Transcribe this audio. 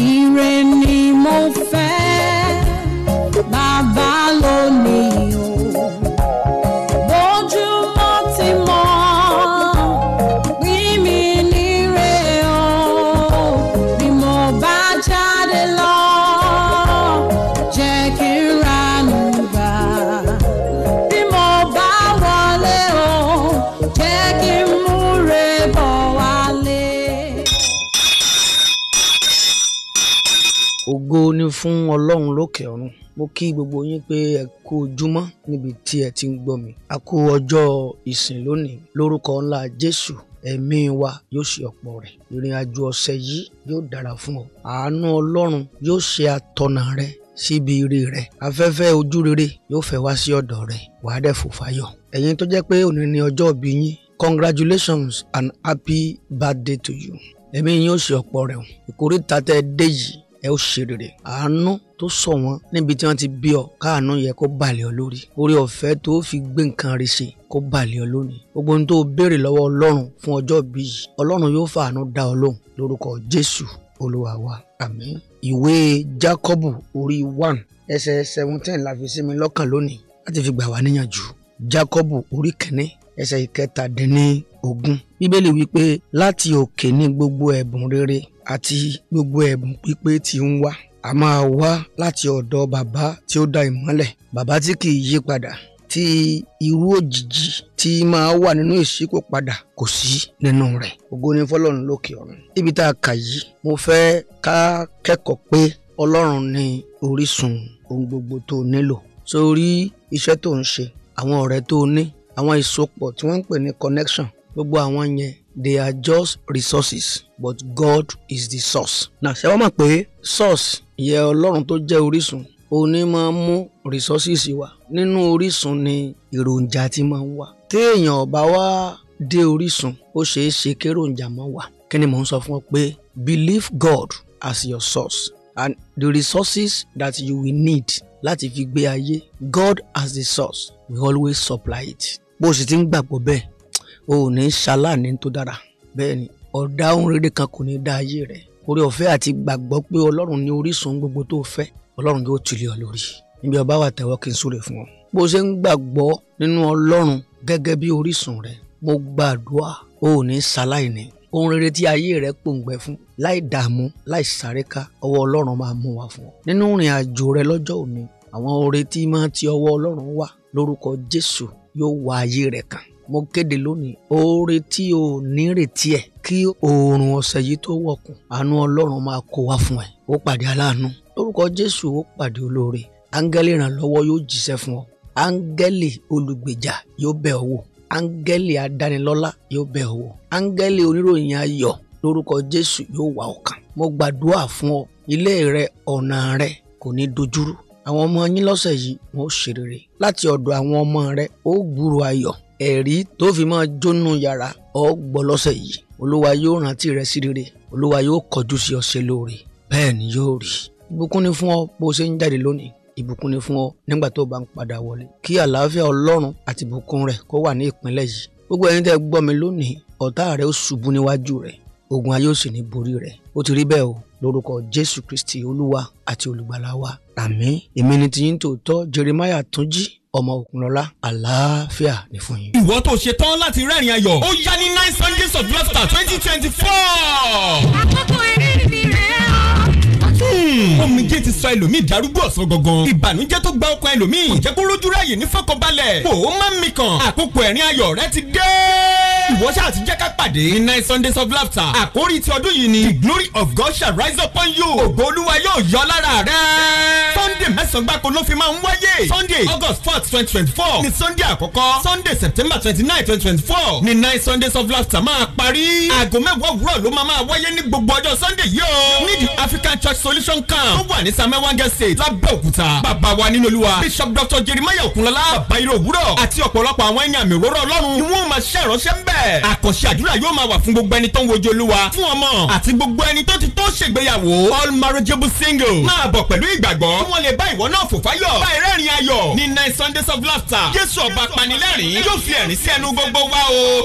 He ran. ògo ni fún ọlọ́run lókè ọ̀run mo kí gbogbo yín pé ẹ kú ojúmọ́ níbi tí ẹ ti ń gbọ́ mi a kú ọjọ́ ìsìn lónìí lórúkọ ńlá jésù ẹ̀mí wa yóò ṣe ọ̀pọ̀ rẹ̀ ìrìn àjò ọ̀sẹ̀ yìí yóò dára fún ọ àánú ọlọ́run yóò ṣe atọ́nà rẹ síbi ire rẹ afẹ́fẹ́ ojú rere yóò fẹ́ wá sí ọ̀dọ̀ rẹ wàá dẹ̀ fò fáyọ̀ ẹ̀yin tó jẹ́ pé òní ni ọjọ́ ìbí yín congratulations and happy birthday to you ẹ̀mí yín ó ṣe ọ̀pọ̀ rẹ̀ ìkórìtà tẹ́ dé yìí ẹ ó ṣe rere àánú tó sọ wọn níbi tí wọn ti bí ọ káàánú yẹ kó balẹ̀ ọ lórí orí ọ̀fẹ́ tó fi gbé nǹkan rí ṣe kó balẹ̀ ọ lónìí gbogbo ohun tó béèrè lọ́wọ́ ọlọ́run fún ọjọ́ bí yìí ọlọ́run yóò fàánú dá ọ lóhùn lórúkọ jésù olúwa wa àmín ìwé jákọ́bù orí one ẹsẹ̀ seventeen la fi sí mi lọ́kàn lónìí láti fi gbà wá níyànjú jákọ́bù orí kìíní ẹsẹ̀ ìkẹtàdínní Ogun, bíbélì wípé láti òkè ni gbogbo ẹ̀bùn rere àti gbogbo ẹ̀bùn pípé ti ń wá a máa wá láti ọ̀dọ̀ bàbá tí ó dá ìmọ́lẹ̀ bàbá tí kì í yí padà tí irú òjìji tí máa wà nínú ìṣípò padà kò sí nínú rẹ̀ ògo ni fọlọ́run lókè ọ̀run ibi tá a kà yìí mo fẹ́ ká kẹ́kọ̀ọ́ pé ọlọ́run ni orísun ohun gbogbo tó nílò sórí iṣẹ́ tó ń ṣe àwọn ọ̀rẹ́ tó ní àwọn ìsopọ̀ tí wọ́n ń pè ní connection gbogbo àwọn yẹn they are just resources but God is the source. na ṣé wọ́n mọ̀ pé source yẹ ọlọ́run tó jẹ́ orísun òní máa ń mú resources wá nínú orísun ni èròjà ti máa ń wà téèyàn ò bá wá dé orísun ó ṣeé ṣe kéròjà mọ́ wà kí ni mò ń sọ fún ọ pé believe God as your source and the resources that you will need láti fi gbé ayé God as the source will always supply it bó o sì ti ń gbàgbọ́ bẹ́ẹ̀ o ò ní ṣaláàní tó dára bẹ́ẹ̀ ni ọ̀dà ohun rere kan kò ní dá ayé rẹ̀ orí ọ̀fẹ́ àti gbàgbọ́ pé ọlọ́run ní orísun gbogbo tó fẹ́ ọlọ́run yóò tìlẹ̀ ọ lórí níbi ọba wà tẹ̀wọ́ kí n súre fún ọ. bó ṣe ń gbàgbọ́ nínú ọlọ́run gẹ́gẹ́ bí orísun rẹ̀ mo gbàdúrà o ò ní ṣaláìní ohun rere tí ayé rẹ pòǹgbẹ fún láì dààmú láì sàréka ọwọ́ ọlọ́run máa mú wa fún ọ. nínú ìrìn àjò rẹ lọ́jọ́ òní àwọn oore tí máa ti ọwọ́ ọlọ́run wà lórúkọ jésù yóò wá ayé rẹ kàn mo kéde lónìí oore tí o nírètí ẹ̀ kí oòrùn ọ̀sẹ̀ yìí tó wọ̀kùn àánú ọlọ́run máa kó wá fún ẹ ó pàdé aláàánú lórúkọ jésù ó pàdé olóore áńgẹ́lì ìrànlọ́wọ́ yóò jíṣẹ́ fún ọ áńgẹ́lì olùgbèjà yóò bẹ̀ ọ́ wò áńgẹ́lì adánilọ́lá yóò bẹ̀ ọ́ wò áńgẹ́lì oníròyìn ayọ̀ lórúkọ jésù yóò wà ọ̀kan mo gbàdúrà fún ọ ilé rẹ ọ̀nà rẹ kò ní dojúrú àwọn ọmọ yín lọ́sẹ̀ yìí wọ́n ó ṣe rere láti ọ̀dọ̀ àwọn ọmọ rẹ ó gbúrò ayọ̀ ẹ̀rí tó fi máa jónú yàrá ọ gbọ́ lọ́sẹ̀ yìí olúwa yóò rántí rẹ sí rere olúwa yóò kọjú sí ọ ṣe lóore bẹ́ẹ̀ ni yóò rí ìbùkún ni fún ọ bó ṣe ń jáde lónìí ìbùkún ni fún ọ nígbà tó o bá ń padà wọlé kí àlàáfíà ọlọ́run àti ìbùkún rẹ kó wà ní ìpínlẹ̀ yìí gbogbo ẹni tẹ́ gbọ́ mi lónìí ọ̀tá rẹ ó ṣubú níwájú rẹ ogun ayé ó sì ní borí rẹ ó ti rí bẹ́ẹ̀ o lórúkọ jésù kristi olúwa àti olùgbàlà wa àmín èmi ni tòótọ́ jeremiah túnjí ọmọ òkunlọ́lá àlàáfíà ni fún yín. ìwọ tó ṣe tán láti rẹ́rìn ayọ̀ ó yá ní nine sundays of laughter twenty twenty four. àkókò eré mi rẹ̀ ọ́ omijé ti sọ ẹlòmíì darúgbó ọ̀sán gangan ìbànújẹ́ tó gba ọkàn ẹlòmíì kò jẹ́ kó lójú ráàyè ní fọkànbalẹ̀ kò ó má mi kàn àkókò ẹ̀rín ayọ̀ rẹ ti dé. ìwọ ṣáà ti jẹ́ ká pàdé ní nine sundays of laughter àkórí ti ọdún yìí ni the glory of God shall rise upon you ògo olúwa yóò yọ lára rẹ mẹ́sàn ló fi máa ń wáyé sunday august fourth twenty twenty four ní sunday àkọ́kọ́ sunday september twenty nine twenty twenty four ní nine sundays of laughter máa parí aago mẹ́wàá òwúrọ̀ ló máa máa wáyé ní gbogbo ọjọ́ sunday yìí o ní the african church solution camp tó wà ní samuel wange state lábẹ́òkúta bàbá wa nínú olúwa bishop dr jeremiah okunlọ́lá bàbá ire òwúrọ̀ àti ọ̀pọ̀lọpọ̀ àwọn ẹni àmì òróró ọlọ́run ni wọ́n máa ṣèrànṣẹ́ ń bẹ̀ àkànṣe àdúrà yóò máa wà fún gbogbo ẹni tó ń wojú olúwa fún ọmọ àti gbogbo ẹni tó ti tó ṣègbéyàwó all marriageable single máa bọ̀ pẹ̀lú ìgbàgbọ́ kí wọ́n lè bá ìwọ náà fò fáyọ̀. báyìí rẹ́rìn ayọ̀ ní nine sundays of laughter. jésù ọba panilẹ́rìn yóò fi ẹ̀rín sí ẹnu gbogbo wa o.